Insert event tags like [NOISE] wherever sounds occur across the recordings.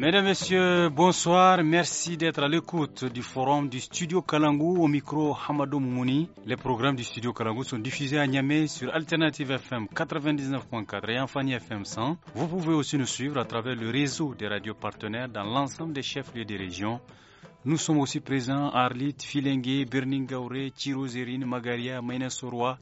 Mesdames, Messieurs, bonsoir. Merci d'être à l'écoute du forum du Studio Kalangou au micro Hamadou Moumouni. Les programmes du Studio Kalangou sont diffusés à Niamey sur Alternative FM 99.4 et Enfani FM 100. Vous pouvez aussi nous suivre à travers le réseau des radios partenaires dans l'ensemble des chefs-lieux des régions. Nous sommes aussi présents à Arlit, Filengue, Berningaure, Tirozérine, Magaria, Mainasoroa,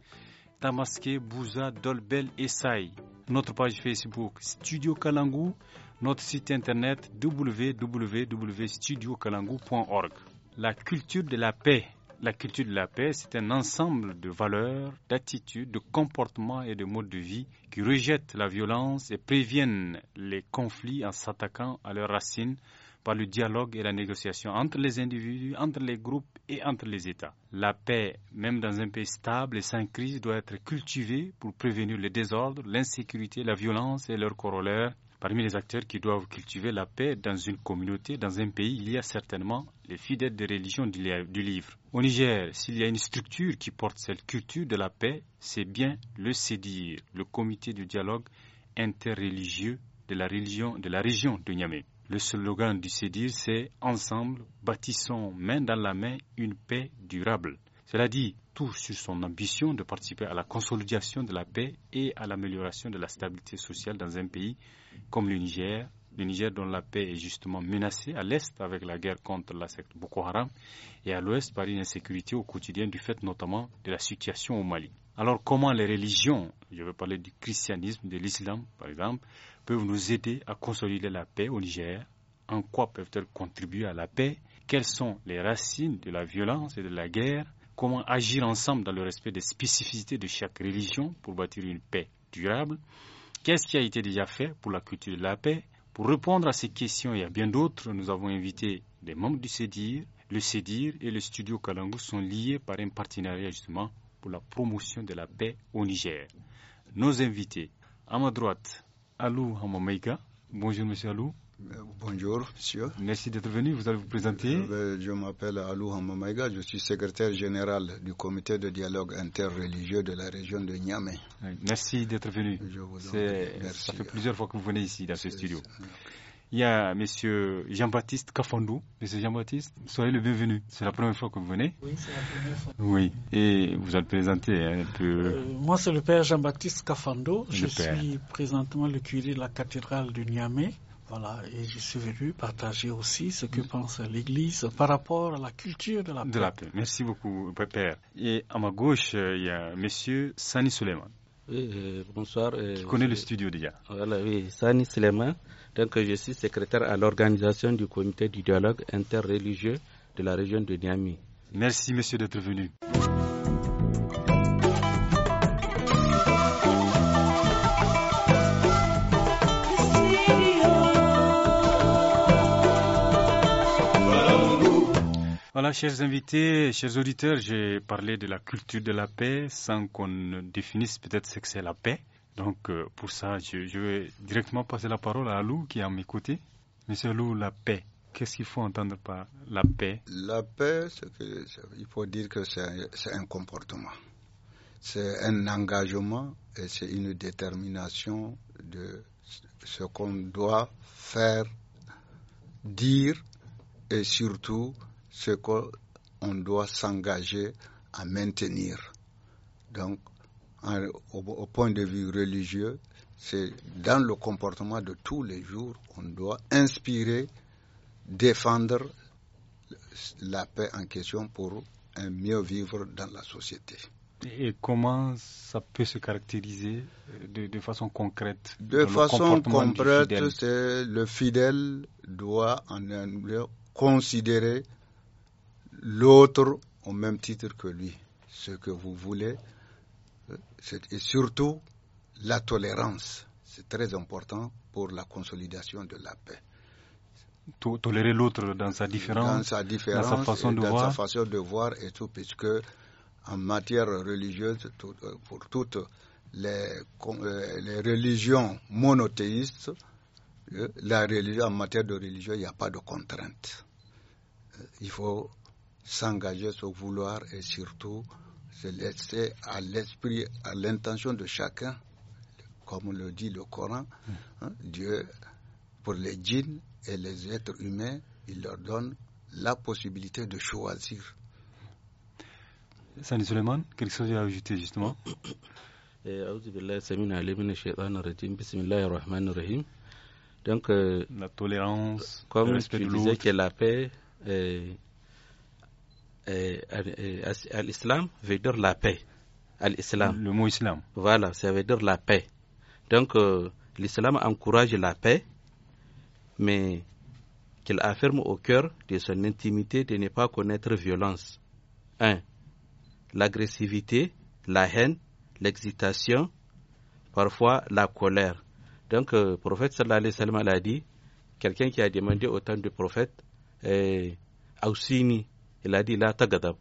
Tamaske, Bouza, Dolbel et Saï. Notre page Facebook Studio Kalangou notre site internet www.studiokalangu.org. La culture de la paix. La culture de la paix, c'est un ensemble de valeurs, d'attitudes, de comportements et de modes de vie qui rejettent la violence et préviennent les conflits en s'attaquant à leurs racines par le dialogue et la négociation entre les individus, entre les groupes et entre les États. La paix, même dans un pays stable et sans crise, doit être cultivée pour prévenir le désordre, l'insécurité, la violence et leurs corollaires Parmi les acteurs qui doivent cultiver la paix dans une communauté, dans un pays, il y a certainement les fidèles de religion du livre. Au Niger, s'il y a une structure qui porte cette culture de la paix, c'est bien le CEDIR, le Comité du dialogue interreligieux de la de la région de Niamey. Le slogan du CEDIR, c'est Ensemble, bâtissons main dans la main une paix durable. Cela dit, tout sur son ambition de participer à la consolidation de la paix et à l'amélioration de la stabilité sociale dans un pays comme le Niger, le Niger dont la paix est justement menacée à l'est avec la guerre contre la secte Boko Haram et à l'ouest par une insécurité au quotidien du fait notamment de la situation au Mali. Alors comment les religions, je veux parler du christianisme, de l'islam par exemple, peuvent nous aider à consolider la paix au Niger En quoi peuvent-elles contribuer à la paix Quelles sont les racines de la violence et de la guerre Comment agir ensemble dans le respect des spécificités de chaque religion pour bâtir une paix durable Qu'est-ce qui a été déjà fait pour la culture de la paix Pour répondre à ces questions et à bien d'autres, nous avons invité des membres du CEDIR. Le CEDIR et le studio Kalango sont liés par un partenariat justement pour la promotion de la paix au Niger. Nos invités, à ma droite, Alou Hamameika. Bonjour Monsieur Alou. Euh, bonjour, monsieur. Merci d'être venu. Vous allez vous présenter. Je m'appelle Alou Hamamaiga. Je suis secrétaire général du comité de dialogue interreligieux de la région de Niamey. Merci d'être venu. Je vous Ça fait plusieurs fois que vous venez ici, dans ce studio. Il y a monsieur Jean-Baptiste Kafandou. Monsieur Jean-Baptiste, soyez le bienvenu. C'est la première fois que vous venez. Oui, c'est la première fois. Oui, et vous allez présenter un peu. Euh, moi, c'est le père Jean-Baptiste Kafando. Je suis présentement le curé de la cathédrale de Niamey. Voilà, et je suis venu partager aussi ce que mm-hmm. pense l'Église par rapport à la culture de la paix. De la paix. Merci beaucoup, Père. Et à ma gauche, euh, il y a M. Sani Suleiman. Oui, euh, bonsoir. qui euh, connaît le studio déjà. Voilà, oui, Sani Suleiman. Donc, je suis secrétaire à l'organisation du comité du dialogue interreligieux de la région de Niamey. Merci, monsieur, d'être venu. Voilà, chers invités, chers auditeurs, j'ai parlé de la culture de la paix sans qu'on définisse peut-être ce que c'est la paix. Donc, euh, pour ça, je, vais directement passer la parole à Lou qui est à mes côtés. Monsieur Lou, la paix, qu'est-ce qu'il faut entendre par la paix La paix, il faut dire que c'est un comportement, c'est un engagement et c'est une détermination de ce qu'on doit faire, dire et surtout ce qu'on doit s'engager à maintenir. Donc, au, point de vue religieux, c'est dans le comportement de tous les jours, on doit inspirer, défendre la paix en question pour un mieux vivre dans la société. Et comment ça peut se caractériser euh, de, façon concrète De façon concrète, c'est le fidèle doit en, en, considérer l'autre au même titre que lui. Ce que vous voulez, euh, et surtout la tolérance, c'est très important pour la consolidation de la paix. Tolérer l'autre dans sa différence, dans sa, façon, de voir. sa façon de voir et tout, puisque en matière religieuse, euh, pour toutes les, euh, les religions monothéistes, la religion, en matière de religion, il n'y a pas de contrainte. Il faut s'engager se vouloir et surtout se laisser à l'esprit, à l'intention de chacun, comme le dit le Coran, mm. hein, Dieu, pour les djinns et les êtres humains, il leur donne la possibilité de choisir. Sani quelque chose à ajouter justement [COUGHS] eh, Donc, euh, la tolérance, comme tu disais la paix. Al-Islam veut dire la paix. al Le mot islam. Voilà, ça veut dire la paix. Donc, euh, l'islam encourage la paix, mais qu'il affirme au cœur de son intimité de ne pas connaître violence. 1. L'agressivité, la haine, l'excitation, parfois la colère. Donc, le euh, prophète sallallahu alayhi wa sallam a dit, quelqu'un qui a demandé autant de prophètes, prophète, euh, il a dit là tagadab.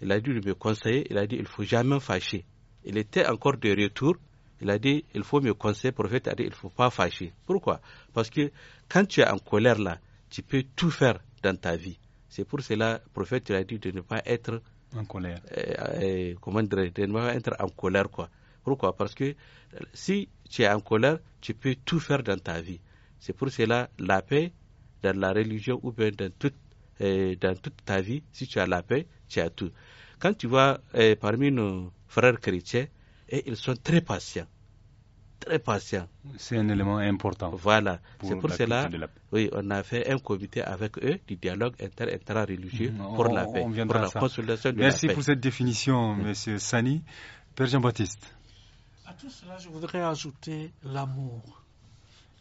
Il a dû me conseiller, il a dit il faut jamais fâcher. Il était encore de retour, il a dit il faut me conseiller, prophète a dit il faut pas fâcher. Pourquoi Parce que quand tu es en colère là, tu peux tout faire dans ta vie. C'est pour cela le prophète a dit de ne pas être en colère. Euh, euh, comment dire, de ne pas être en colère quoi. Pourquoi Parce que euh, si tu es en colère, tu peux tout faire dans ta vie. C'est pour cela la paix dans la religion ou bien dans toute dans toute ta vie, si tu as la paix, tu as tout. Quand tu vois eh, parmi nos frères chrétiens, et eh, ils sont très patients. Très patients. C'est un élément important. Voilà. C'est pour cela, oui, on a fait un comité avec eux du dialogue inter religieux mm-hmm. pour la paix, on pour la ça. de Merci la paix. pour cette définition, mm. Monsieur Sani. Père Jean-Baptiste. À tout cela, je voudrais ajouter l'amour.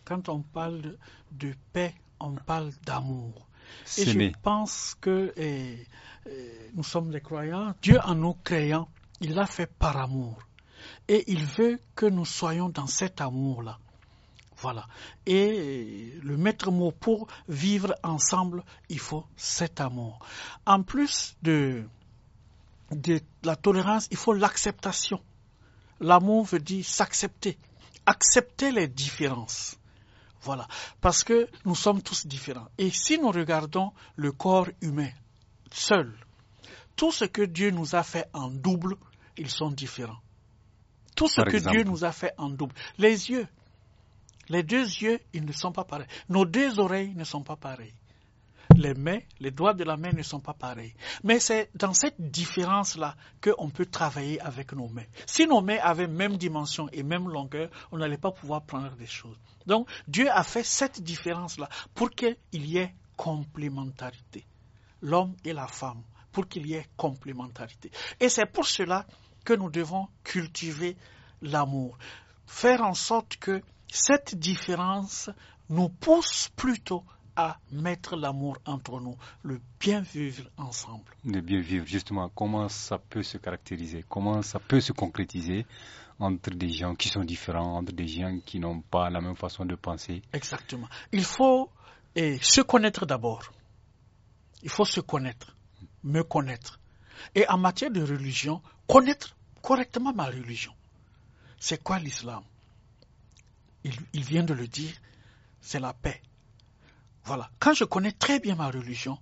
Quand on parle de paix, on parle d'amour. Et je pense que eh, eh, nous sommes des croyants. Dieu, en nous créant, il l'a fait par amour. Et il veut que nous soyons dans cet amour-là. Voilà. Et eh, le maître mot pour vivre ensemble, il faut cet amour. En plus de, de la tolérance, il faut l'acceptation. L'amour veut dire s'accepter. Accepter les différences. Voilà. Parce que nous sommes tous différents. Et si nous regardons le corps humain seul, tout ce que Dieu nous a fait en double, ils sont différents. Tout ce que Dieu nous a fait en double. Les yeux. Les deux yeux, ils ne sont pas pareils. Nos deux oreilles ne sont pas pareilles les mains, les doigts de la main ne sont pas pareils. Mais c'est dans cette différence-là qu'on peut travailler avec nos mains. Si nos mains avaient même dimension et même longueur, on n'allait pas pouvoir prendre des choses. Donc Dieu a fait cette différence-là pour qu'il y ait complémentarité. L'homme et la femme, pour qu'il y ait complémentarité. Et c'est pour cela que nous devons cultiver l'amour. Faire en sorte que cette différence nous pousse plutôt à mettre l'amour entre nous, le bien vivre ensemble. Le bien vivre, justement, comment ça peut se caractériser, comment ça peut se concrétiser entre des gens qui sont différents, entre des gens qui n'ont pas la même façon de penser. Exactement. Il faut se connaître d'abord. Il faut se connaître, me connaître. Et en matière de religion, connaître correctement ma religion. C'est quoi l'islam il vient de le dire, c'est la paix, voilà. Quand je connais très bien ma religion,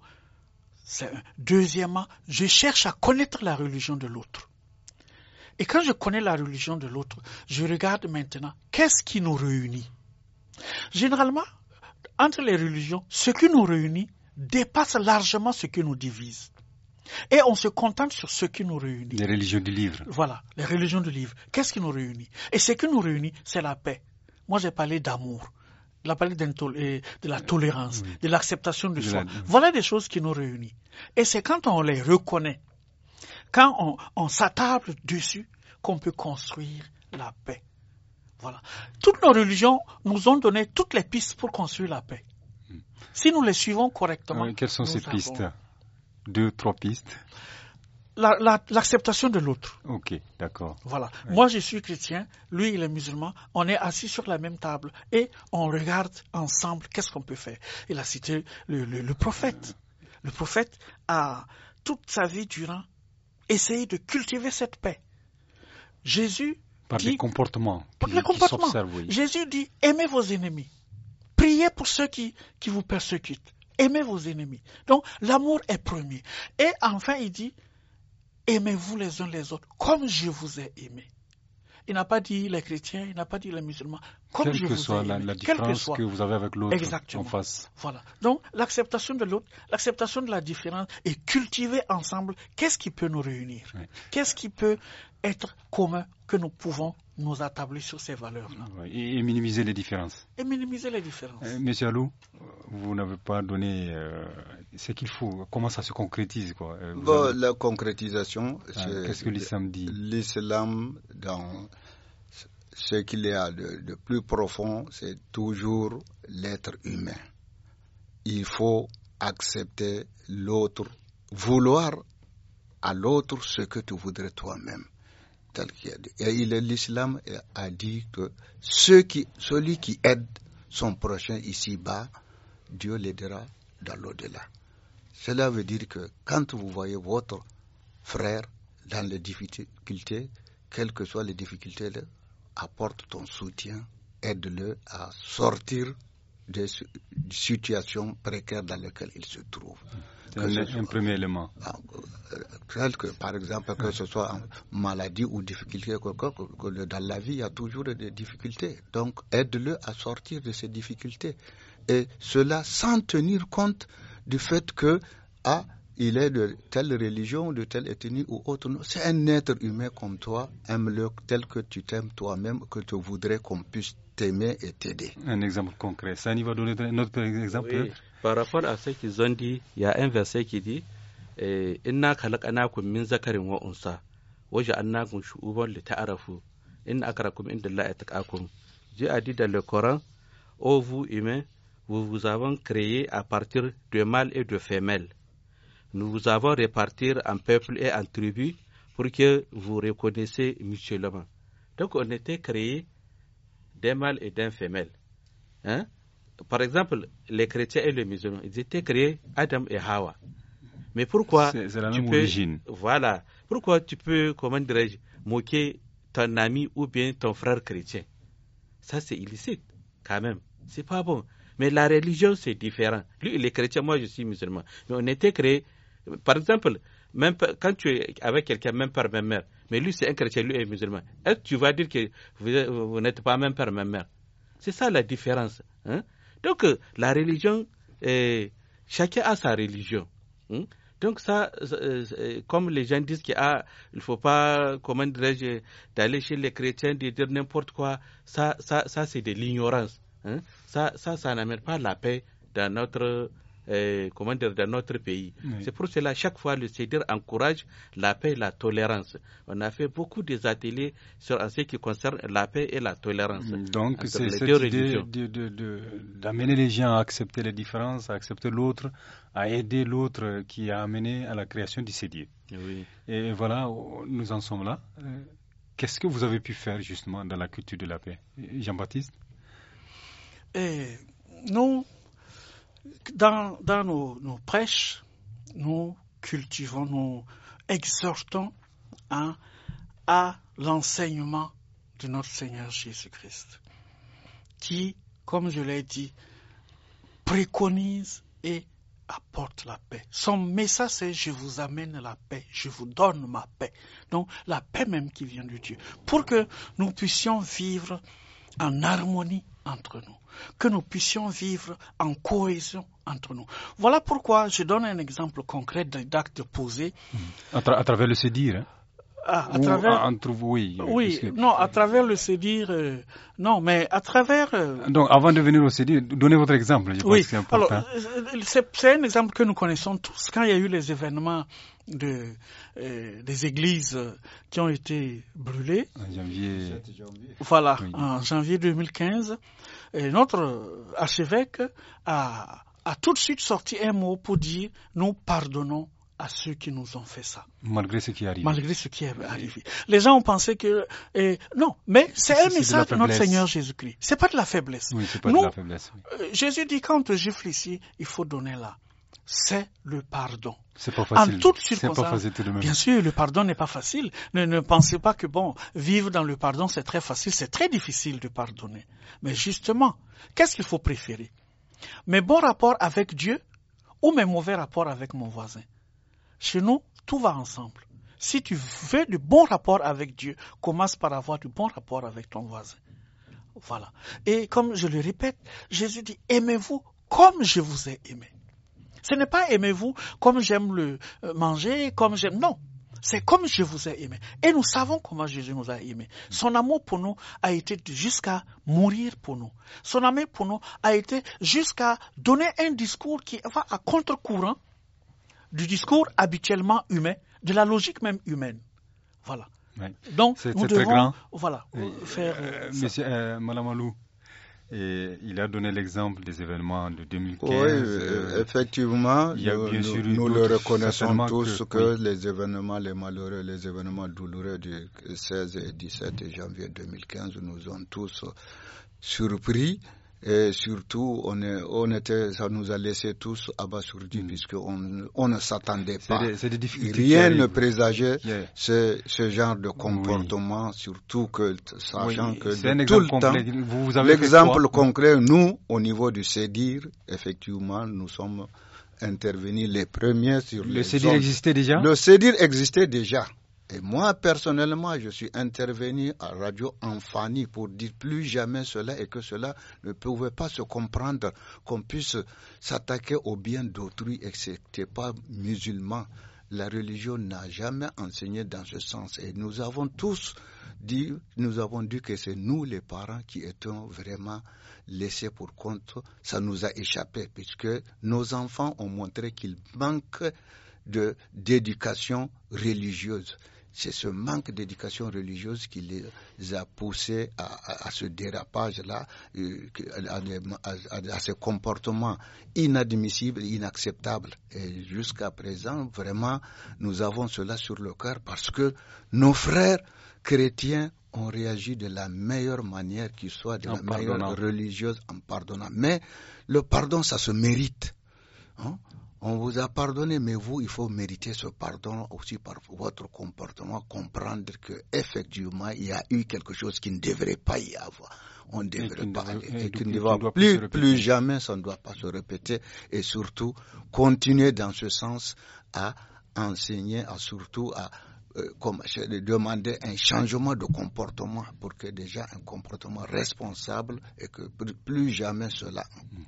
c'est Deuxièmement, je cherche à connaître la religion de l'autre. Et quand je connais la religion de l'autre, je regarde maintenant qu'est-ce qui nous réunit. Généralement, entre les religions, ce qui nous réunit dépasse largement ce qui nous divise. Et on se contente sur ce qui nous réunit. Les religions du livre. Voilà, les religions du livre. Qu'est-ce qui nous réunit Et ce qui nous réunit, c'est la paix. Moi, j'ai parlé d'amour la palette de la tolérance, de l'acceptation du soi. Voilà des choses qui nous réunissent. Et c'est quand on les reconnaît, quand on, s'attable dessus, qu'on peut construire la paix. Voilà. Toutes nos religions nous ont donné toutes les pistes pour construire la paix. Hmm. Si nous les suivons correctement. Euh, quelles sont ces pistes Deux, trois pistes l'acceptation de l'autre. Ok, d'accord. Voilà. Moi, je suis chrétien, lui, il est musulman. On est assis sur la même table et on regarde ensemble qu'est-ce qu'on peut faire. Il a cité le, prophète. Le prophète a, toute sa vie durant, essayé de cultiver cette paix. Jésus. Par dit, les comportements. Par les comportements. Jésus dit aimez vos ennemis. Priez pour ceux qui, qui vous persécutent. Aimez vos ennemis. Donc, l'amour est premier. Et enfin, il dit aimez-vous les uns les autres comme je vous ai aimé. Il n'a pas dit les chrétiens, il n'a pas dit les musulmans, quelle que soit la, différence que, vous avez avec l'autre en face. Voilà. Donc, l'acceptation de l'autre, l'acceptation de la différence et cultiver ensemble qu'est-ce qui peut nous réunir Qu'est-ce qui peut être commun que nous pouvons nous attabler sur ces valeurs-là. et, minimiser les différences. Et minimiser les différences. Euh, monsieur Alou, vous n'avez pas donné euh, ce qu'il faut. Comment ça se concrétise quoi euh, bon, La concrétisation, ah, c'est Qu'est-ce que l'islam dit L'islam, dans ce qu'il y a de, plus profond, c'est toujours l'être humain. Il faut accepter l'autre, vouloir à l'autre ce que tu voudrais toi-même. Tel qu'il Et l'islam a dit que celui qui aide son prochain ici-bas, Dieu l'aidera dans l'au-delà. Cela veut dire que quand vous voyez votre frère dans les difficultés, quelles que soient les difficultés, apporte ton soutien, aide-le à sortir des situations précaires dans lesquelles il se trouve. Un, un, premier élément. Ah, euh, euh, par exemple, que ce soit maladie ou difficulté dans la vie, il y a toujours des difficultés. Donc, aide-le à sortir de ces difficultés. Et cela sans tenir compte du fait que, à ah, il est de telle religion, de telle ethnie ou autre. C'est un être humain comme toi, aime-le tel que tu t'aimes toi-même, que tu voudrais qu'on puisse t'aimer et t'aider. Un exemple concret. Ça Sani va donner un autre exemple. Par rapport à ce qu'ils ont dit, il y a un verset qui dit eh, Inna min zakarin wa unsa shu'uban inna Dieu a dit dans le Coran Ô vous humains, vous vous avez créé à partir de mâles et de femelles. Nous vous avons réparti en peuple et en tribu pour que vous reconnaissiez mutuellement. Donc on était créé d'un mâle et d'un femelle. Hein? Par exemple, les chrétiens et les musulmans, ils étaient créés Adam et Hawa. Mais pourquoi tu peux, Voilà. Pourquoi tu peux, comment dirais-je, moquer ton ami ou bien ton frère chrétien Ça, c'est illicite, quand même. C'est pas bon. Mais la religion, c'est différent. Lui, il est chrétien, moi, je suis musulman. Mais on était créé par exemple, même quand tu es avec quelqu'un, même par même mère, mais lui c'est un chrétien, lui est musulman, est-ce que tu vas dire que vous, n'êtes pas même par même mère C'est ça la différence. Hein? Donc, euh, la religion, euh, chacun a sa religion. Hein? Donc ça, euh, comme les gens disent qu'il ne faut pas, comment dirais-je, d'aller chez les chrétiens, de dire n'importe quoi, ça, ça, ça c'est de l'ignorance. Hein? Ça, ça, ça n'amène pas la paix dans notre euh, dans notre pays. C'est pour cela, chaque fois, le CEDIR encourage la paix et la tolérance. On a fait beaucoup des ateliers sur ce qui concerne la paix et la tolérance. Mm, donc, c'est cette idée d'amener les gens à accepter les différences, à accepter l'autre, à aider l'autre qui a amené à la création du CEDIR. Et voilà, oh, nous en sommes là. Euh, qu'est-ce que vous avez pu faire justement dans la culture de la paix, Jean-Baptiste eh, Non, dans, nos, prêches, nous cultivons, nous exhortons hein, à l'enseignement de notre Seigneur Jésus-Christ, qui, comme je l'ai dit, préconise et apporte la paix. Son message, c'est je vous amène la paix, je vous donne ma paix. Donc la paix même qui vient de Dieu. Pour que nous puissions vivre en harmonie entre nous, que nous puissions vivre en cohésion entre nous. Voilà pourquoi je donne un exemple concret d'un acte posé. Hmm. À, travers le se dire hein. Ah, oui. non, à travers le CEDIR, euh, non, mais à travers... Euh, Donc, avant de venir au CEDIR, donnez votre exemple, oui. Euh, c'est un exemple que nous connaissons tous. Quand il y a eu les événements des églises qui ont été brûlées... En janvier... Voilà, en janvier 2015, notre archevêque a tout de suite sorti un mot pour dire « Nous pardonnons à ceux qui nous ont fait ça. Malgré ce qui est arrivé. Malgré ce qui est arrivé. Les gens ont pensé que... Eh, non, mais c'est un message de, notre Seigneur Jésus-Christ. C'est pas de la faiblesse. Oui, c'est pas de la faiblesse. Euh, Jésus dit, quand on te ici, il faut donner là. C'est le pardon. C'est pas facile. En Bien sûr, le pardon n'est pas facile. Ne, ne pensez pas que bon, vivre dans le pardon c'est très facile. C'est très difficile de pardonner. Mais justement, qu'est-ce qu'il faut préférer Mes bons rapports avec Dieu ou mes mauvais rapports avec mon voisin chez nous, tout va ensemble. Si tu veux du bon rapport avec Dieu, commence par avoir du bon rapport avec ton voisin. Voilà. Et comme je le répète, Jésus dit, aimez-vous comme je vous ai aimé. Ce n'est pas aimez-vous comme j'aime le euh, manger, comme j'aime. Non. C'est comme je vous ai aimé. Et nous savons comment Jésus nous a aimés. Son amour pour nous a été jusqu'à mourir pour nous. Son amour pour nous a été jusqu'à donner un discours qui va à contre-courant du discours habituellement humain, de la logique même humaine. Voilà. Donc, devons grand. Voilà, euh, faire. Euh, euh, monsieur Malamalou, il a donné l'exemple des événements de 2015. Oui, effectivement, nous, le reconnaissons tous que, les événements, les malheureux, les événements douloureux du 16 et 17 janvier 2015 nous ont tous surpris. Et surtout, on, est, on était, ça nous a laissé tous abasourdis mm. puisqu'on on ne s'attendait pas. Rien ne présageait ce, genre de comportement, surtout que sachant que tout le temps, l'exemple concret, nous, au niveau du CEDIR, effectivement, nous sommes intervenus les premiers sur le les... Le CEDIR existait déjà Le CEDIR existait déjà. Et moi, personnellement, je suis intervenu à Radio Enfani pour dire plus jamais cela et que cela ne pouvait pas se comprendre qu'on puisse s'attaquer au bien d'autrui et que ce pas musulman. La religion n'a jamais enseigné dans ce sens et nous avons tous dit, nous avons dit que c'est nous les parents qui étions vraiment laissés pour compte. Ça nous a échappé puisque nos enfants ont montré qu'ils manquent d'éducation religieuse c'est ce manque d'éducation religieuse qui les a poussés à, ce dérapage-là, euh, à, ce comportement inadmissible, inacceptable. Et jusqu'à présent, vraiment, nous avons cela sur le cœur parce que nos frères chrétiens ont réagi de la meilleure manière qui soit, de la meilleure meilleure religieuse, en pardonnant. Mais le pardon, ça se mérite. Hein. On vous a pardonné, mais vous, il faut mériter ce pardon aussi par votre comportement, comprendre que effectivement, il y a eu quelque chose qui ne devrait pas y avoir. On ne devrait pas, et plus, jamais, ça ne doit pas se répéter, et surtout continuer dans ce sens à enseigner, à surtout à euh, demander un changement de comportement pour que déjà un comportement responsable et que plus jamais cela.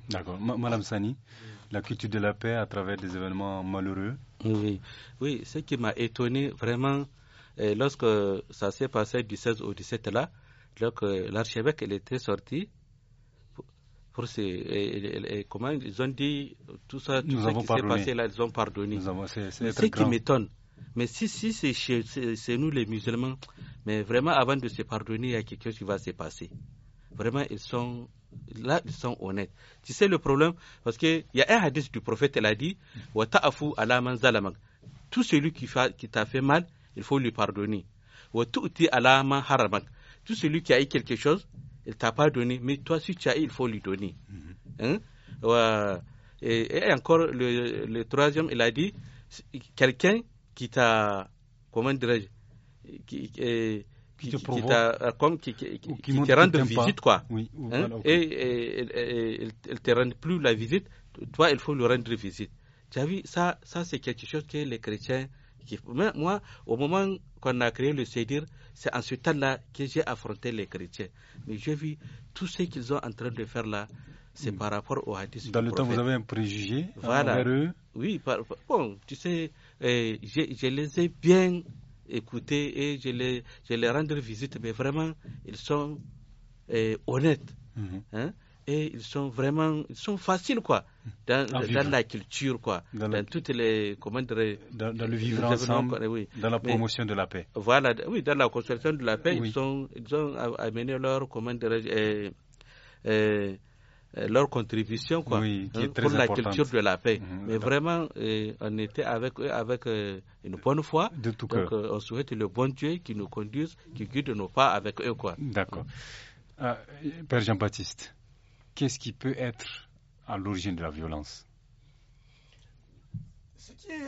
D'accord. Madame Sani, la culture de la paix à travers des événements malheureux. Oui, oui ce qui m'a étonné vraiment, euh, lorsque ça s'est passé du 16 au 17 là, lorsque l'archevêque était sorti. comment ils ont dit tout ça, tout ce qui s'est passé là, ils ont pardonné. ce qui m'étonne, mais si, si c'est nous les musulmans, mais vraiment avant de se pardonner, il y a quelque chose qui va se passer. Vraiment, ils sont là, ils sont honnêtes. Tu sais le problème Parce qu'il y a un hadith du prophète, il a dit Tout celui qui, t'a fait mal, il faut lui pardonner. haramak Tout celui qui a eu quelque chose, il t'a pas donné, mais toi, si tu as eu, il faut lui donner. Mhm. Hein? Et, encore, le, le, troisième, il a dit quelqu'un qui t'a. Comment dirais-je qui, te rendent visite, quoi. Hein? Et, elle ne te rend plus la visite, toi, il faut lui rendre visite. Tu as vu, ça, ça c'est quelque chose que les chrétiens. Qui... moi, au moment qu'on a créé le sédir c'est en ce temps-là que j'ai affronté les chrétiens. Mais j'ai vu tout ce qu'ils ont en train de faire là c'est par rapport au hadith. Dans le temps, vous avez un préjugé eux Oui, bon, tu sais, eh, je, les ai bien écouter et je les, je les rendre visite, mais vraiment, ils sont euh, honnêtes. Mhm. Hein, et ils sont vraiment ils sont faciles quoi dans, la culture quoi dans, toutes les commandes dans, le vivre ensemble dans la promotion de la paix voilà oui dans la construction de la paix ils sont ils ont amené leur commandes euh, leur contribution quoi, hein, pour la culture de la paix. Mmh, Mais vraiment, euh, on était avec eux avec euh, une bonne foi. De tout Donc, on souhaite le bon Dieu qui nous conduise, qui guide nos pas avec eux. quoi. D'accord. Père Jean-Baptiste, qu'est-ce qui peut être à l'origine de la violence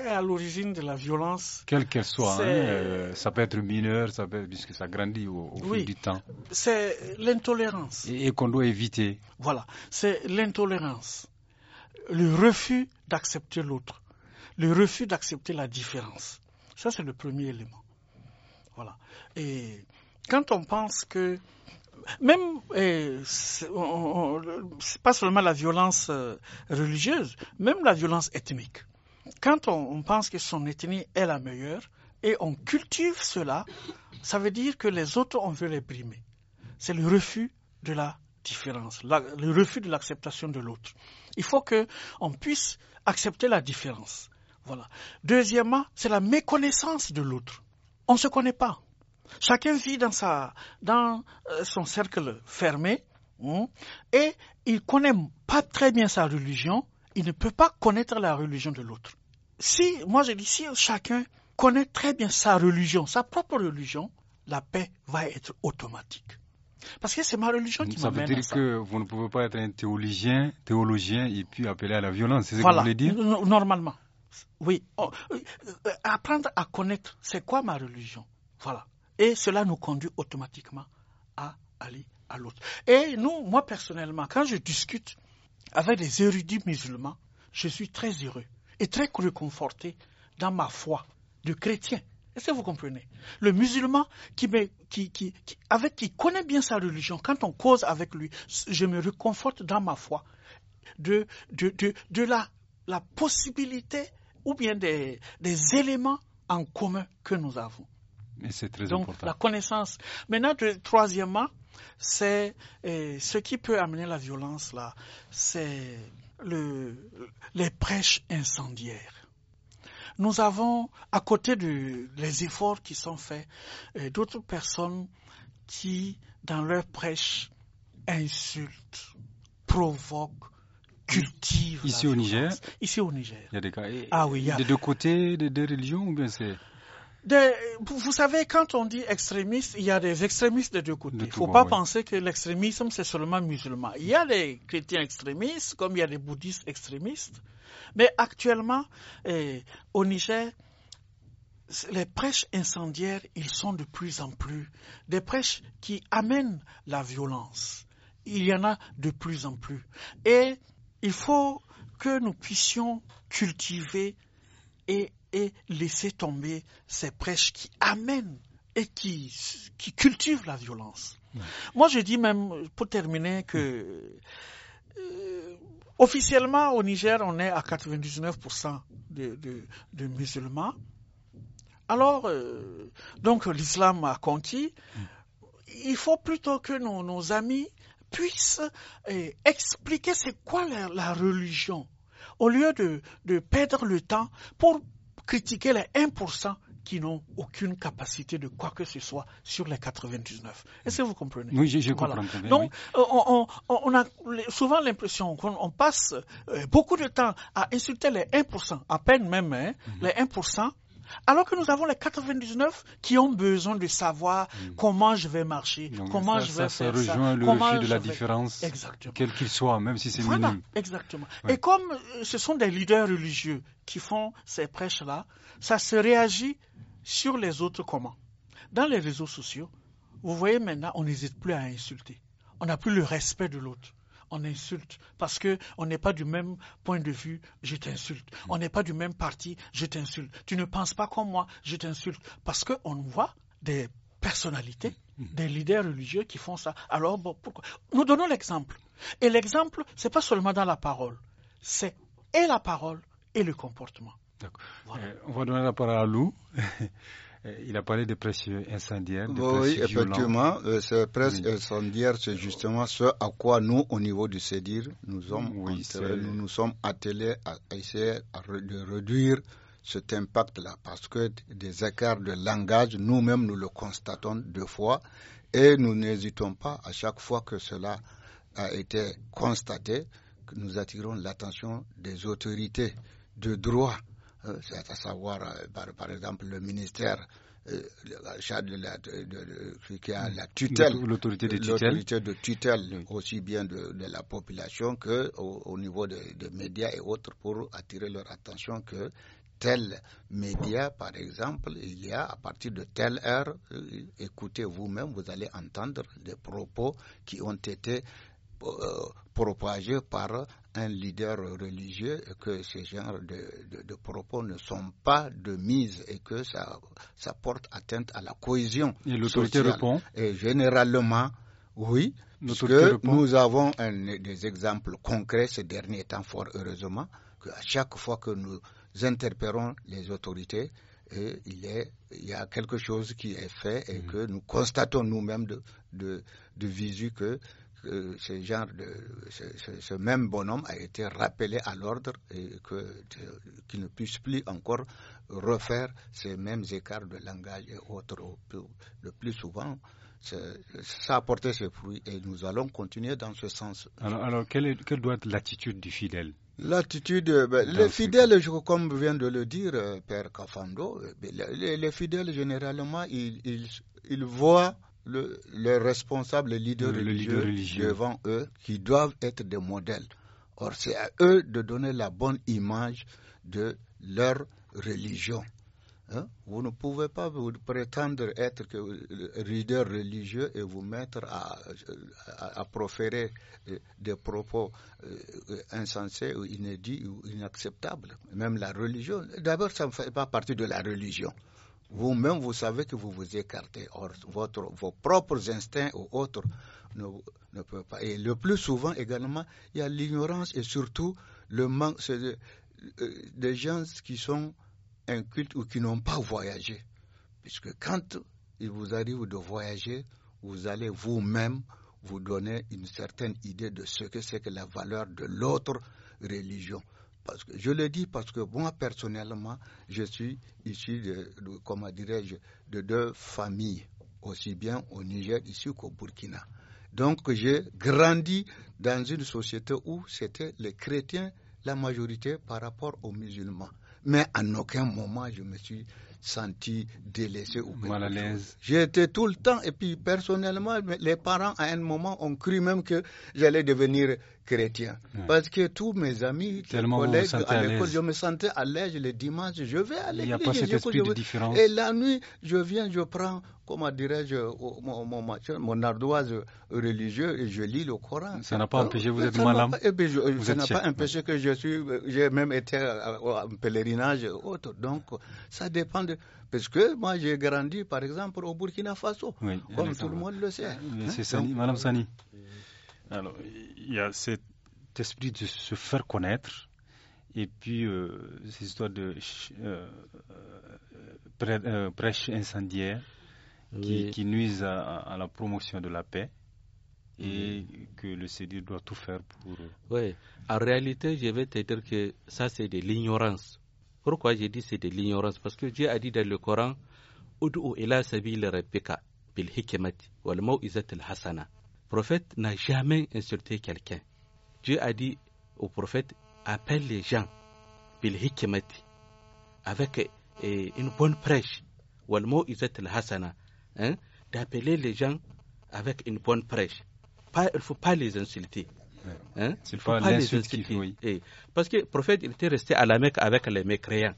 à l'origine de la violence. Quelle qu'elle soit, hein, euh, ça peut être mineur, ça peut, puisque ça grandit au, fil du temps. C'est l'intolérance. Et, qu'on doit éviter. Voilà, c'est l'intolérance. Le refus d'accepter l'autre. Le refus d'accepter la différence. Ça, c'est le premier élément. Voilà. Et quand on pense que même c'est pas seulement la violence euh, religieuse, même la violence ethnique quand on, pense que son ethnie est la meilleure et on cultive cela, ça veut dire que les autres, on veut les brimer. C'est le refus de la différence, le refus de l'acceptation de l'autre. Il faut que on puisse accepter la différence. Voilà. Deuxièmement, c'est la méconnaissance de l'autre. On ne se connaît pas. Chacun vit dans, sa, dans euh, son cercle fermé hein, et il ne connaît pas très bien sa religion. Il ne peut pas connaître la religion de l'autre si, moi je dis, si chacun connaît très bien sa religion, sa propre religion, la paix va être automatique. Parce que c'est ma religion qui m'amène à ça. veut dire que vous ne pouvez pas être un théologien, théologien et puis appeler à la violence, c'est ce que vous voulez dire Normalement, oui. Oh, euh, apprendre à connaître, c'est quoi ma religion Voilà. Et cela nous conduit automatiquement à aller à l'autre. Et nous, moi personnellement, quand je discute avec des érudits musulmans, je suis très heureux est très réconforté dans ma foi de chrétien. Est-ce que vous comprenez Le musulman qui, qui, qui, avec, qui connaît bien sa religion, quand on cause avec lui, je me réconforte dans ma foi de, de, de, de la, la possibilité ou bien des, des éléments en commun que nous avons. Et c'est très Donc, La connaissance. Maintenant, troisièmement, c'est eh, ce qui peut amener la violence là, c'est le, les prêches incendiaires. Nous avons, à côté des les efforts qui sont faits, euh, d'autres personnes qui, dans leurs prêches, insultent, provoquent, cultivent. Ici au Niger Ici au Niger. Il y a des cas. Ah oui, il y a... Des deux côtés, des deux religions ou bien c'est vous savez, quand on dit extrémiste, il y a des extrémistes de deux côtés. Il ne faut pas penser que l'extrémisme, c'est seulement musulman. Il y a des chrétiens extrémistes, comme il y a des bouddhistes extrémistes. Mais actuellement, eh, au Niger, les prêches incendiaires, ils sont de plus en plus des prêches qui amènent la violence. Il y en a de plus en plus. Et il faut que nous puissions cultiver et et laisser tomber ces prêches qui amènent et qui, qui cultivent la violence. Moi, je dis même, pour terminer, que euh, officiellement au Niger, on est à 99% de, de, musulmans. Alors, euh, donc l'islam a conquis. Mm. Il faut plutôt que nos, amis puissent euh, expliquer c'est quoi la, la religion au lieu de, de, perdre le temps pour critiquer les 1% qui n'ont aucune capacité de quoi que ce soit sur les 99. Est-ce que vous comprenez Oui, je, comprends. Donc, euh, on, a souvent l'impression qu'on passe euh, beaucoup de temps à insulter les 1%, à peine même hein, mhm. les 1% alors que nous avons les 99 qui ont besoin de savoir mm. comment je vais marcher, comment je vais faire ça. Ça rejoint le de la différence, quel qu'il soit, même si c'est minime. Exactement. Et comme euh, ce sont des leaders religieux qui font ces prêches-là, ça se réagit sur les autres comment Dans les réseaux sociaux, vous voyez maintenant, on n'hésite plus à insulter. On n'a plus le respect de l'autre on insulte parce que on n'est pas du même point de vue, je t'insulte. Mm. On n'est pas du même parti, je t'insulte. Tu ne penses pas comme moi, je t'insulte. Parce qu'on voit des personnalités, mm. Mm. des leaders religieux qui font ça. Alors, bon, pourquoi Nous donnons l'exemple. Et l'exemple, c'est pas seulement dans la parole, c'est et la parole et le comportement. Euh, on va donner la parole à Lou. [LAUGHS] il a parlé de presses incendiaires. oui, effectivement, euh, ces presses c'est justement ce à quoi nous, au niveau du CEDIR, nous sommes, nous, sommes attelés à, essayer de réduire cet impact-là, parce que des écarts de langage, nous-mêmes, nous le constatons deux fois, et nous n'hésitons pas, à chaque fois que cela a été constaté, que nous attirons l'attention des autorités de droit euh, c'est à savoir euh, par, exemple le ministère euh, qui a la tutelle, l'autorité de tutelle, de tutelle aussi bien de, la population que au, niveau des médias et autres pour attirer leur attention que tel média, par exemple, il y a à partir de telle heure, écoutez vous-même, vous allez entendre des propos qui ont été euh, propagé par un leader religieux et que ce genre de, propos ne sont pas de mise et que ça, ça porte atteinte à la cohésion. Et l'autorité répond Et généralement, oui, nous avons des exemples concrets ces derniers temps, fort heureusement, qu'à chaque fois que nous interpellons les autorités, il, est, il y a quelque chose qui est fait et mmh. que nous constatons nous-mêmes de, de visu que ce genre de, ce, même bonhomme a été rappelé à l'ordre et que euh, qu'il ne puisse plus encore refaire ces mêmes écarts de langage et autres. Le plus souvent, ça a porté ses fruits et nous allons continuer dans ce sens. Alors, alors quelle, quelle doit être l'attitude du fidèle L'attitude, Le euh, ben, les fidèles, comme vient de le dire euh, Père Cafando, ben, les, fidèles généralement, ils, ils, ils voient le, les responsables, les leaders le, religieux, leader religieux devant eux, qui doivent être des modèles. Or, c'est à eux de donner la bonne image de leur religion. Hein? Vous ne pouvez pas vous prétendre être euh, leader religieux et vous mettre à, à, à proférer euh, des propos euh, insensés ou inédits ou inacceptables. Même la religion. D'abord, ça ne fait pas partie de la religion. Vous-même, vous savez que vous vous écartez. Or, votre, vos propres instincts ou autres ne, ne peuvent pas. Et le plus souvent également, il y a l'ignorance et surtout le manque de, euh, de, gens qui sont incultes ou qui n'ont pas voyagé. Puisque quand il vous arrive de voyager, vous allez vous-même vous donner une certaine idée de ce que c'est que la valeur de l'autre religion je le dis parce que moi, personnellement, je suis issu de, comment dirais-je, de deux familles, aussi bien au Niger ici qu'au Burkina. Donc, j'ai grandi dans une société où c'était les chrétiens la majorité par rapport aux musulmans. Mais à aucun moment, je me suis senti délaissé ou mal à l'aise. J'étais tout le temps, et puis personnellement, les parents à un moment ont cru même que j'allais devenir chrétien. Parce que tous mes amis, collègues à l'école, je me sentais à l'aise le dimanche, je vais à l'église. Il n'y a pas cet esprit de différence. Et la nuit, je viens, je prends, comment dirais-je, mon, ardoise religieuse et je lis le Coran. Ça n'a pas empêché, vous euh, êtes malade. Ça n'a pas empêché que je suis, j'ai même été en pèlerinage autre. Donc, ça dépend de. Parce que moi, j'ai grandi, par exemple, au Burkina Faso, oui, comme tout le monde le sait. Hein. C'est Sani, Madame Sani. Alors, il y a cet esprit de se faire connaître et puis cette euh, ces histoires de euh, euh, euh prêche incendiaire qui, qui, nuisent à, la promotion de la paix et mm. que le CEDIR doit tout faire pour... Oui, en réalité, je vais te dire que ça, c'est de l'ignorance. Pourquoi j'ai dit c'est de l'ignorance Parce que Dieu a dit dans le Coran, «» Le prophète n'a jamais insulté quelqu'un. Dieu a dit au prophète appelle les gens bil avec eh, une bonne prêche wal hasana hein, d'appeler les gens avec une bonne prêche. Pas, il ne faut pas les insulter. Hein? Il faut pas, les insulter. Eh. parce que le prophète il était resté à la Mecque avec les mécréants.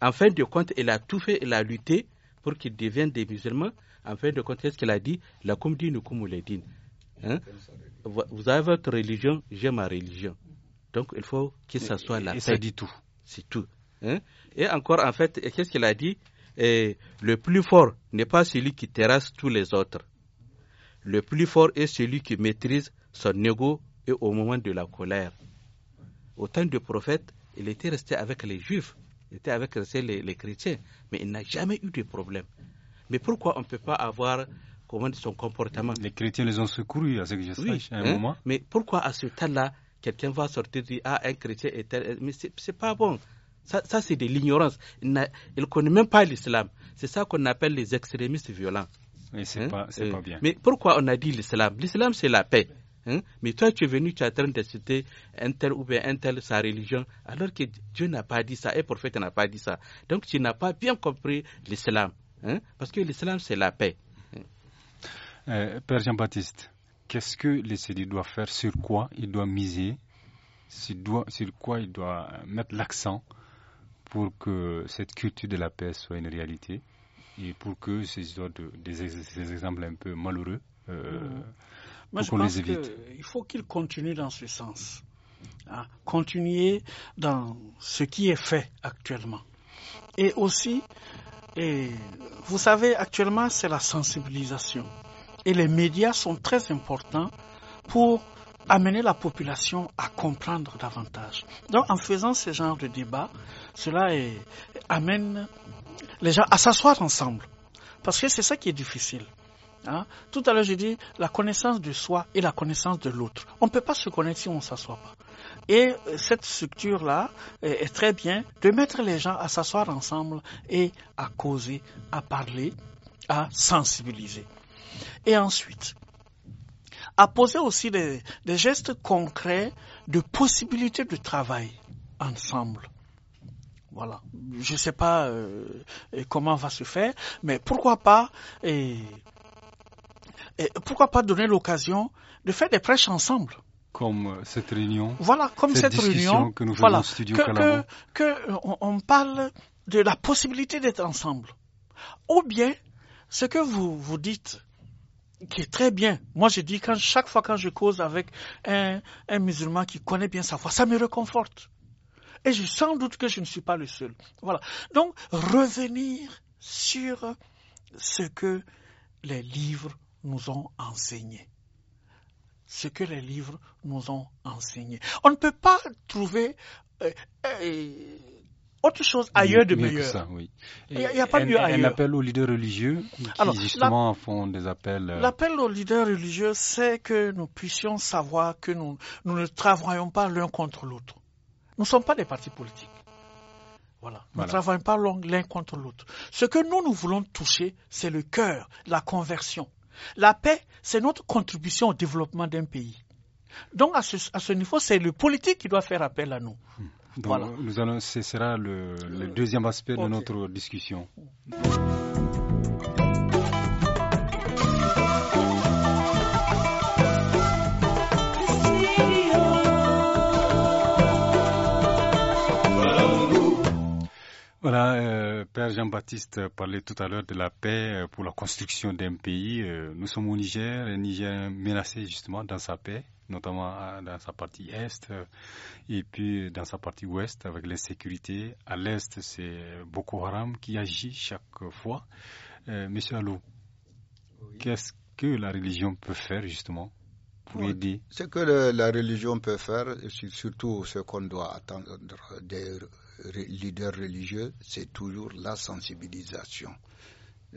En fin de compte, il a tout fait, il a lutté pour qu'ils deviennent des musulmans. En fin de compte, qu'est-ce qu'il a dit La Kumdin ou Hein? Vous avez votre religion, j'ai ma religion. Donc il faut que ça soit la et Ça dit tout. C'est tout. Hein? Et encore, en fait, qu'est-ce qu'il a dit Le plus fort n'est pas celui qui terrasse tous les autres. Le plus fort est celui qui maîtrise son ego et au moment de la colère. Au temps du prophète, il était resté avec les juifs, il était avec les, les chrétiens, mais il n'a jamais eu de problème. Mais pourquoi on ne peut pas avoir de son comportement. Les chrétiens les ont secourus, à ce que je à un hein. moment. Mais pourquoi à ce temps-là, quelqu'un va sortir et dire Ah, un chrétien est tel. Mais ce n'est pas bon. Ça, c'est de l'ignorance. Il ne connaît même pas l'islam. C'est ça qu'on appelle les extrémistes violents. Mais c'est n'est hein? pas, pas, euh, bien. Mais pourquoi on a dit l'islam L'islam, c'est la paix. Hein? Mais toi, tu es venu, tu es en train de citer un tel ou bien un tel, sa religion, alors que Dieu n'a pas dit ça et le prophète n'a pas dit ça. Donc, tu n'as pas bien compris l'islam. Parce que l'islam, c'est la paix. Euh, Père Jean-Baptiste, qu'est-ce que les CDI doivent faire Sur quoi il doit miser sur, quoi il doit mettre l'accent pour que cette culture de la paix soit une réalité et pour que ces des, exemples un peu malheureux, euh, mmh. qu'on les évite. Il faut qu'ils continuent dans ce sens, hein. continuer dans ce qui est fait actuellement. Et aussi, vous savez, actuellement, c'est la sensibilisation. Et les médias sont très importants pour amener la population à comprendre davantage. Donc en faisant ce genre de débat, cela amène les gens à s'asseoir ensemble. Parce que c'est ça qui est difficile. Hein. Tout à l'heure, j'ai dit la connaissance de soi et la connaissance de l'autre. On ne peut pas se connaître si on ne s'assoit pas. Et cette structure-là est très bien de mettre les gens à s'asseoir ensemble et à causer, à parler, à sensibiliser et ensuite à poser aussi des, gestes concrets de possibilité de travail ensemble. Voilà. Je ne sais pas euh, comment va se faire, mais pourquoi pas et, pourquoi pas donner l'occasion de faire des prêches ensemble. Comme euh, cette réunion. Voilà, comme cette, réunion. Que nous voilà, au studio que, que, que, on parle de la possibilité d'être ensemble. Ou bien, ce que vous vous dites, qui est très bien. Moi, je dis quand chaque fois quand je cause avec un, un musulman qui connaît bien sa foi, ça me réconforte. Et je sans doute que je ne suis pas le seul. Voilà. Donc, revenir sur ce que les livres nous ont enseigné. Ce que les livres nous ont enseigné. On ne peut pas trouver euh, euh, autre chose ailleurs de mieux Il n'y a, pas mieux ailleurs. Un appel aux leaders religieux qui justement font des appels. Euh, L'appel aux leaders religieux, c'est que nous puissions savoir que nous, ne travaillons pas l'un contre l'autre. Nous ne sommes pas des partis politiques. Voilà. Nous ne travaillons pas l'un contre l'autre. Ce que nous, nous voulons toucher, c'est le cœur, la conversion. La paix, c'est notre contribution au développement d'un pays. Donc, à ce niveau, c'est le politique qui doit faire appel à nous. Hmm voilà. nous allons, ce sera le, deuxième aspect de notre discussion. Voilà, euh, Père Jean-Baptiste parlait tout à l'heure de la paix euh, pour la construction d'un pays. Euh, nous sommes au Niger, le Niger menacé justement dans sa paix notamment dans sa partie est euh, et puis dans sa partie ouest avec l'insécurité. À l'est, c'est Boko Haram qui agit chaque fois. Euh, Monsieur Allo, qu'est-ce que la religion peut faire justement pour aider Ce que la religion peut faire, et surtout ce qu'on doit attendre des leaders religieux, c'est toujours la sensibilisation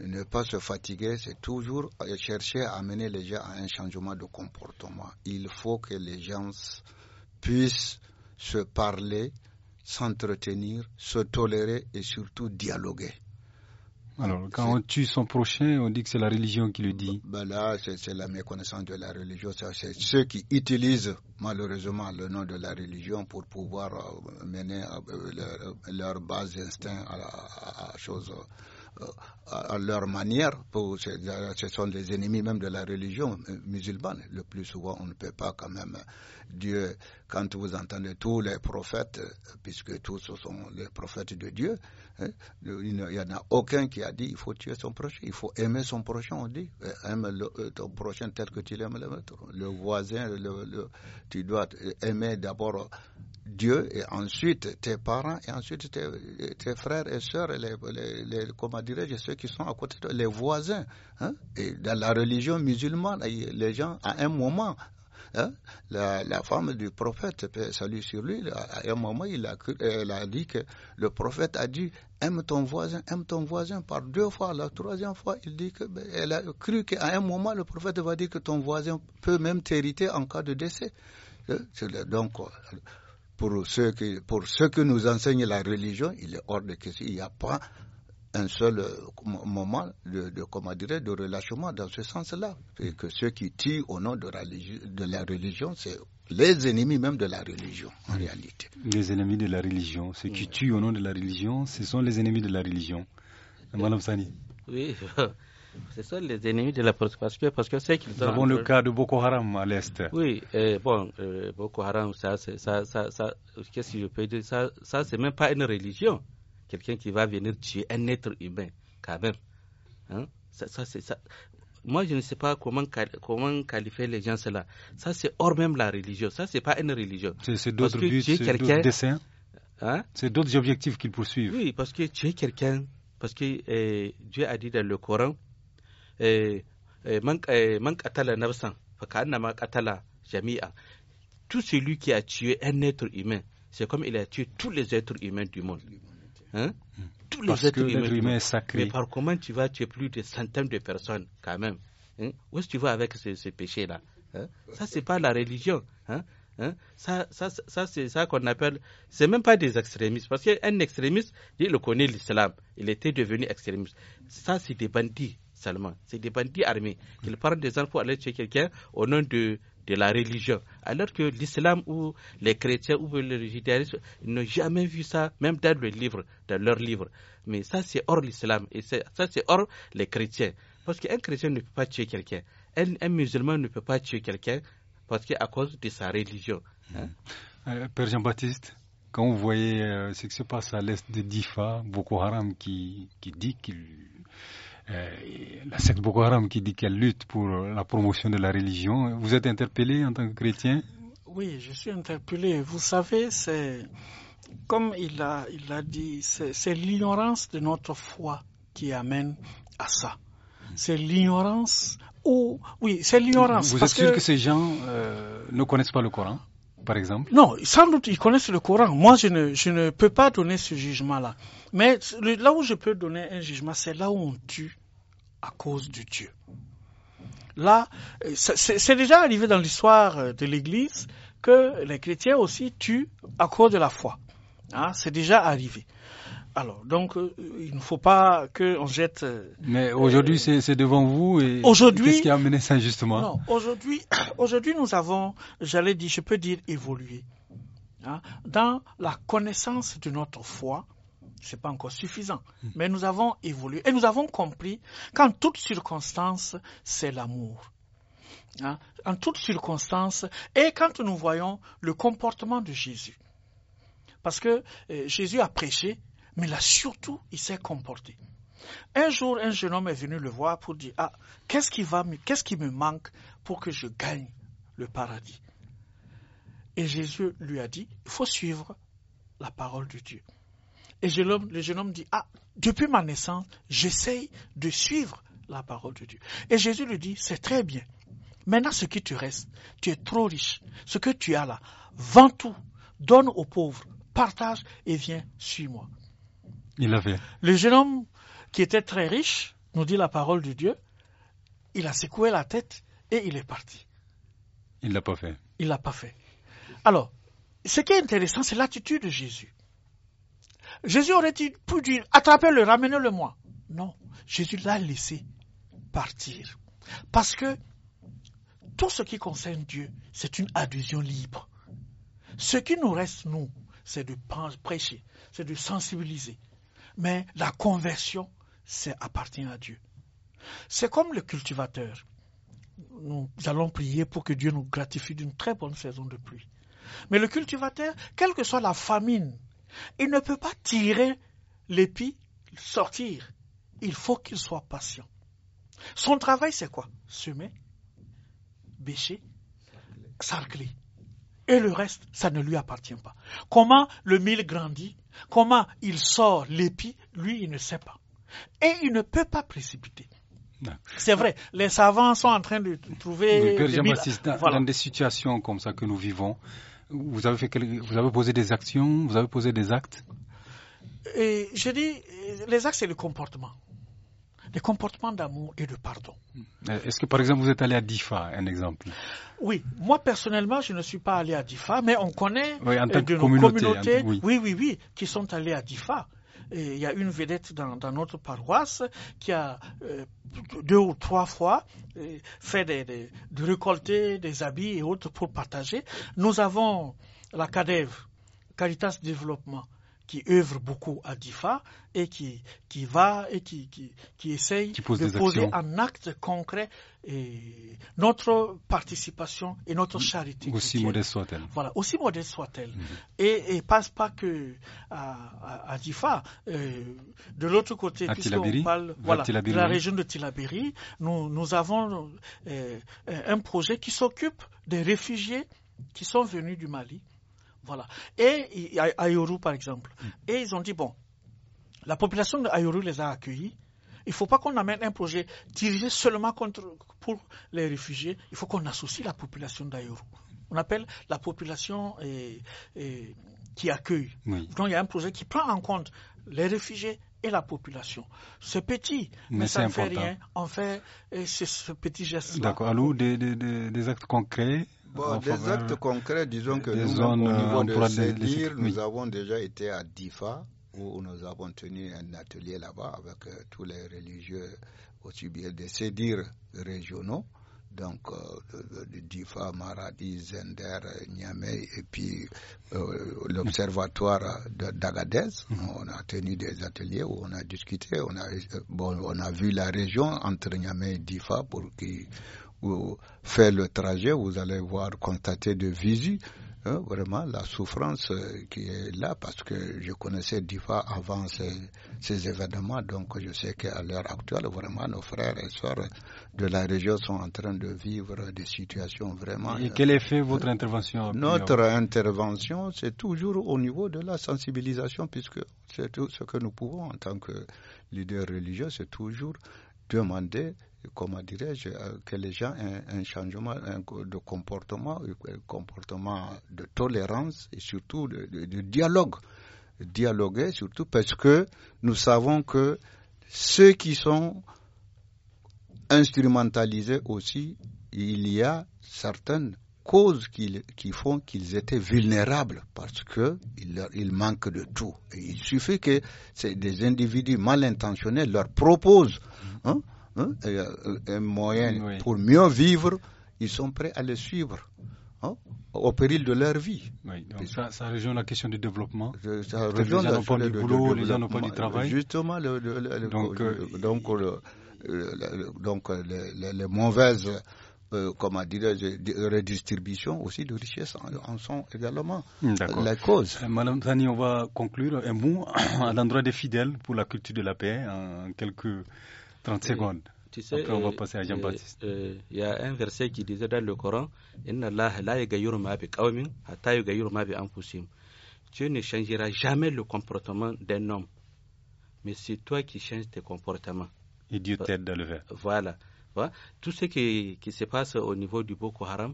ne pas se fatiguer, c'est toujours chercher à amener les gens à un changement de comportement. Il faut que les gens puissent se parler, s'entretenir, se tolérer et surtout dialoguer. Alors, quand on tue son prochain, on dit que c'est la religion qui le dit. Bah, bah là, c'est la méconnaissance de la religion. C'est ceux qui utilisent malheureusement le nom de la religion pour pouvoir euh, mener euh, leur, bas instincts instinct à, la, chose euh, à leur manière, pour, ce sont des ennemis même de la religion euh, musulmane. Le plus souvent, on ne peut pas quand même euh, Dieu, quand vous entendez tous les prophètes, euh, puisque tous sont les prophètes de Dieu, hein, il n'y en a aucun qui a dit il faut tuer son prochain, il faut aimer son prochain, on dit, aime ton prochain tel que tu l'aimes le voisin, tu dois aimer d'abord Dieu et ensuite tes parents et ensuite tes, frères et sœurs et les, les, comment dirais-je ceux qui sont à côté de, les voisins hein, et dans la religion musulmane les gens à un moment hein, la, femme du prophète salut sur lui à un moment il a, elle a dit que le prophète a dit aime ton voisin aime ton voisin par deux fois la troisième fois il dit que ben, elle a cru qu'à un moment le prophète va dire que ton voisin peut même t'hériter en cas de décès hein, donc pour ceux que, pour ceux que nous enseigne la religion, il est hors de question. Il n'y a pas un seul euh, moment de, de relâchement dans ce sens-là. Et que ceux qui tuent au nom de, de la religion, c'est les ennemis même de la religion, en réalité. Les ennemis de la religion, ceux qui tuent au nom de la religion, ce sont les ennemis de la religion. Euh, Madame Sani. Oui, c'est ça les ennemis de la prospérité parce que c'est qu'ils avons le cas de Boko Haram à l'Est. Oui, bon, euh, Boko Haram, ça, ça, ça, qu'est-ce que je peux dire Ça, ça c'est même pas une religion. Quelqu'un qui va venir tuer un être humain, quand même. Hein? Ça, Moi, je ne sais pas comment, comment qualifier les gens cela. Ça, c'est hors même la religion. Ça, c'est pas une religion. C'est d'autres buts, c'est d'autres dessins. Hein? C'est d'autres objectifs qu'ils poursuivent. Oui, parce que tuer quelqu'un, parce que euh, Dieu a dit dans le Coran, eh, eh, eh, nafsan tout celui qui a tué un être humain c'est comme il a tué tous les êtres humains du monde hein? tous les êtres humains, sacrés. mais par comment tu vas tuer plus de centaines de personnes quand même hein? où est-ce que tu vas avec ce, péché là hein? ça c'est pas la religion hein? Ça, ça, ça c'est ça qu'on appelle. C'est même pas des extrémistes. Parce qu'un extrémiste, il connaît l'islam. Il était devenu extrémiste. Ça, c'est des bandits. C'est des bandits armés. qui parlent des armes pour aller tuer quelqu'un au nom de, de la religion. Alors que l'islam ou les chrétiens ou les judaïsme n'ont jamais vu ça, même dans le livre, dans leur livre. Mais ça, c'est hors l'islam et ça, c'est hors les chrétiens. Parce qu'un chrétien ne peut pas tuer quelqu'un. Un, musulman ne peut pas tuer quelqu'un parce qu'à cause de sa religion. Hein. Euh, Père Jean-Baptiste quand vous voyez euh, ce qui se passe à l'est de Difa, Boko Haram qui, qui dit qu'il euh, la secte Boko Haram qui dit qu'elle lutte pour la promotion de la religion. Vous êtes interpellé en tant que chrétien Oui, je suis interpellé. Vous savez, c'est comme il a, il a dit, c'est l'ignorance de notre foi qui amène à ça. C'est l'ignorance ou oui, c'est l'ignorance. Vous êtes sûr que, ces gens euh, ne connaissent pas le Coran par exemple Non, sans doute, ils connaissent le Coran. Moi, je ne, peux pas donner ce jugement-là. Mais là où je peux donner un jugement, c'est là où on tue à cause de Dieu. Là, euh, c'est déjà arrivé dans l'histoire euh, de l'Église que les chrétiens aussi tuent à cause de la foi. Hein, c'est déjà arrivé. Alors, donc, euh, il ne faut pas qu'on jette. Euh, mais aujourd'hui, c'est devant vous. Et qu'est-ce qui a amené ça, justement Aujourd'hui, [COUGHS] aujourd'hui, nous avons, j'allais dire, je peux dire, évolué. Hein. dans la connaissance de notre foi, C'est pas encore suffisant, hmm. mais nous avons évolué et nous avons compris qu'en toute circonstance, c'est l'amour. Hein. en toute circonstances, et quand nous voyons le comportement de Jésus. Parce que euh, Jésus a prêché, mais là surtout, il s'est comporté. Un jour, un jeune homme est venu le voir pour dire, ah, qu'est-ce qui, va, qu'est-ce qui me manque pour que je gagne le paradis Et Jésus lui a dit, il faut suivre la parole de Dieu. Et le jeune homme dit, ah, depuis ma naissance, j'essaye de suivre la parole de Dieu. Et Jésus lui dit, c'est très bien. Maintenant, ce qui te reste, tu es trop riche. Ce que tu as là, vends tout, donne aux pauvres, partage et viens, suis-moi. Il avait. Le jeune homme qui était très riche, nous dit la parole de Dieu, il a secoué la tête et il est parti. Il l'a pas fait. Il l'a pas fait. Alors, ce qui est intéressant, c'est l'attitude de Jésus. Jésus aurait pu dire, attrapez-le, ramenez-le moi. Non, Jésus l'a laissé partir. Parce que tout ce qui concerne Dieu, c'est une adhésion libre. Ce qui nous reste, nous, c'est de prêcher, c'est de sensibiliser, mais la conversion, c'est appartient à Dieu. C'est comme le cultivateur. Nous allons prier pour que Dieu nous gratifie d'une très bonne saison de pluie. Mais le cultivateur, quelle que soit la famine, il ne peut pas tirer l'épi, sortir. Il faut qu'il soit patient. Son travail, c'est quoi Semer, bêcher, sarcler. Et le reste, ça ne lui appartient pas. Comment le mille grandit Comment il sort l'épi, lui, il ne sait pas. Et il ne peut pas précipiter. C'est vrai, les savants sont en train de trouver. dans, des situations comme ça que nous vivons, vous avez, fait vous avez posé des actions, vous avez posé des actes je dis, les actes, c'est le comportement des comportements d'amour et de pardon. Mm. Euh, est-ce que par exemple vous êtes allé à Difa, un exemple Oui, moi personnellement je ne suis pas allé à Difa, mais on connaît oui, euh, de nos communautés, oui. oui. oui, qui sont allés à Difa. Et il y a une vedette dans, notre paroisse qui a euh, deux ou trois fois fait des, de récolter des habits et autres pour partager. Nous avons la CADEV, Caritas Développement, qui œuvre beaucoup à DIFA et qui, qui va et qui, essaye de poser en un acte concret notre participation et notre charité. Aussi modeste soit-elle. Voilà, aussi modeste soit-elle. Mhm. Et, passe pas que à, DIFA. Euh, de l'autre côté, de la région de Tilabéry, nous, avons euh, un projet qui s'occupe des réfugiés qui sont venus du Mali voilà. Et à Ayoru, par exemple. Hmm. Et ils ont dit, bon, la population de les a accueillis. Il ne faut pas qu'on amène un projet dirigé seulement contre, pour les réfugiés. Il faut qu'on associe la population d'Ayoru. On appelle la population eh, eh, qui accueille. Donc il y a un projet qui prend en compte les réfugiés et la population. C'est petit, mais, ça ne fait rien. On fait eh, ce, petit geste D'accord. Alors, des, actes concrets Bon, des actes concrets, disons que nous, zones, au niveau de nous avons déjà été à DIFA, où nous avons tenu un atelier là-bas avec euh, tous les religieux aussi bien des CEDIR régionaux, donc euh, de, DIFA, Maradi, Zender, Niamey, et puis euh, l'observatoire d'Agadez. Mmh. On a tenu des ateliers où on a discuté, on a, bon, on a vu la région entre Niamey et DIFA pour qu'ils vous faites le trajet, vous allez voir, constater de visu hein, vraiment la souffrance euh, qui est là, parce que je connaissais fois avant ces, ces événements, donc je sais qu'à l'heure actuelle, vraiment, nos frères et sœurs de la région sont en train de vivre des situations vraiment... Et euh, quel effet votre intervention Notre intervention, c'est toujours au niveau de la sensibilisation, puisque c'est tout ce que nous pouvons en tant que leader religieux, c'est toujours demander comment dirais-je, euh, que les gens aient un changement de comportement, un comportement de tolérance et surtout de, dialogue. Dialoguer surtout parce que nous savons que ceux qui sont instrumentalisés aussi, il y a certaines causes qui, font qu'ils étaient vulnérables parce que il, manquent de tout. il suffit que des individus mal intentionnés leur proposent hein, Hein, euh, un moyen pour mieux vivre, ils sont prêts à le suivre. Hein, au péril de leur vie. Oui, ça, ça rejoint la question du développement. ça les gens n'ont pas du boulot, les gens n'ont pas du travail. Justement, donc, donc, les, mauvaises euh, comme redistribution aussi de richesses en, sont également euh, la cause. Madame Zani, on va conclure un mot [COUGHS] à l'endroit des fidèles pour la culture de la paix en quelques 30 secondes. Tu sais, Après, on va euh, passer à Jean-Baptiste. Euh, euh, il y a un verset qui disait dans le Coran Inna Allah la Dieu ne changera jamais le comportement d'un homme. Mais c'est toi qui changes tes comportements. Et Dieu bah, t'aide dans le verre. Voilà. Bah, tout ce qui, qui, se passe au niveau du Boko Haram,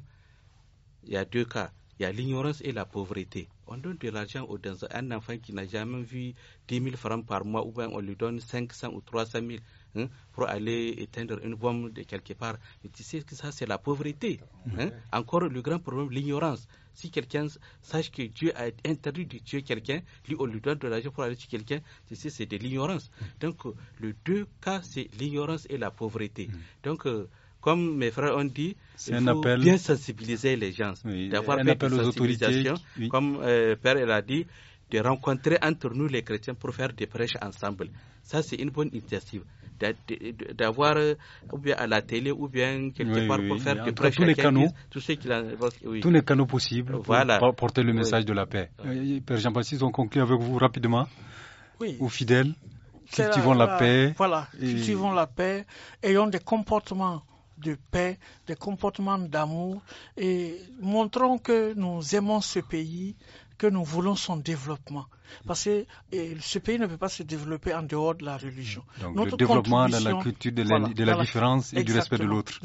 il y a deux cas. Il y a l'ignorance et la pauvreté. On donne de l'argent à un enfant qui n'a jamais vu 10 000 francs par mois ou bien on lui donne 500 ou 300 000. Hein, pour aller éteindre une bombe de quelque part. Mais tu sais que ça, c'est la pauvreté. Hein. Encore le grand problème, l'ignorance. Si quelqu'un sache que Dieu a interdit de tuer quelqu'un, lui, on lui donne de l'argent pour aller tuer quelqu'un, tu sais, c'est de l'ignorance. Donc, euh, le deux cas, c'est l'ignorance et la pauvreté. Donc, euh, comme mes frères ont dit, il faut bien sensibiliser les gens, d'avoir un appel aux autorités. Comme euh, Père l'a dit, de rencontrer entre nous les chrétiens pour faire des prêches ensemble. Ça, c'est une bonne initiative d'avoir, ou bien à la télé, ou bien quelque part pour faire des tous les canaux, tous les canaux possibles pour porter le message de la paix. Père Jean-Baptiste, on conclut avec vous rapidement. Oui. Aux fidèles, cultivons la, paix. Voilà, cultivons la paix, ayons des comportements de paix, des comportements d'amour et montrons que nous aimons ce pays, que nous voulons son développement. Parce que ce pays ne peut pas se développer en dehors de la religion. Donc le développement de la culture, de la, différence et du respect de l'autre.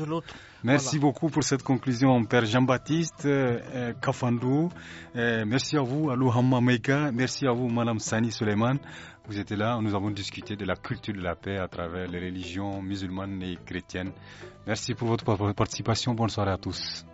Merci beaucoup pour cette conclusion, Père Jean-Baptiste euh, euh, Kafandou. Euh, merci à vous, Alouhamma Meika. Merci à vous, Madame Sani Suleiman. Vous étiez là, nous avons discuté de la culture de la paix à travers les religions musulmanes et chrétiennes. Merci pour votre participation. Bonne soirée à tous.